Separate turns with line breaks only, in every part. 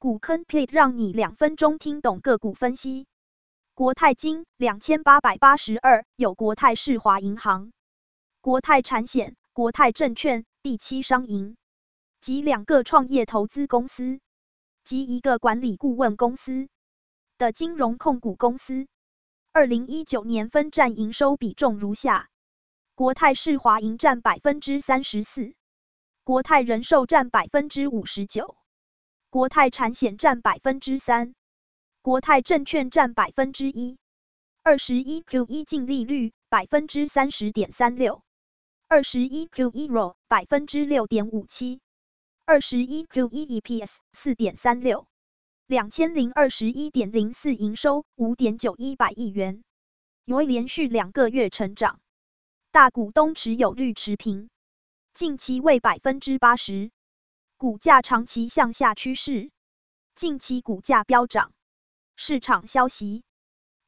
股坑 pit 讓你兩分鐘聽懂個股分析。國泰金兩千八百八十二有國泰世華銀行、國泰產險、國泰證券、第七商銀及兩個創業投資公司及一個管理顧問公司的金融控股公司。二零一九年分占營收比重如下：國泰世華銀佔百分之三十四，國泰人壽占百分之五十九。國泰產險占百分之三，國泰證券占百分之一，二十一 Q 一淨利率百分之三十點三六，二十一 Q 一 ROE 百分之六點五七，二十一 Q 一 EPS 四點三六，兩千零二十一點零四營收五點九一百億元，由於連續兩個月成長，大股東持有率持平，近期為百分之八十。股價長期向下趨勢，近期股價飆漲。市場消息，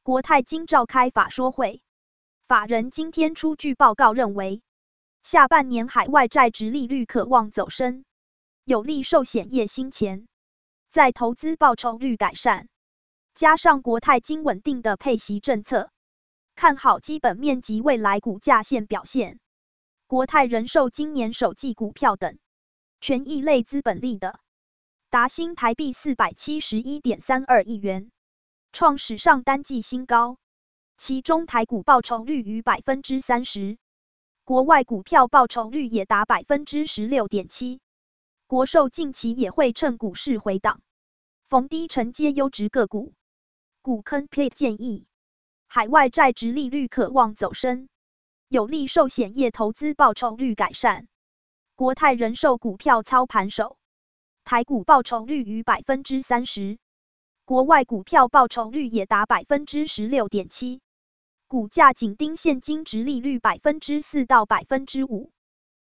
國泰金召開法說會，法人今天出具報告認為，下半年海外債殖利率可望走升，有利壽險業新錢、再投資報酬率改善，加上國泰金穩定的配息政策，看好基本面及未來股價線表現。國泰人壽今年首季股票等。權益類資本利得達新台幣四百七十一點三二億元，創史上單季新高。其中台股報酬率逾百分之三十，國外股票報酬率也達百分之十六點七。國壽近期也會趁股市回檔，逢低承接優質個股。股坑 p e t e 建議，海外債殖利率可望走升，有利壽險業投資報酬率改善。國泰人壽股票操盤手，台股報酬率逾百分之三十，國外股票報酬率也達百分之十六點七，股價緊盯現金殖利率百分之四到百分之五。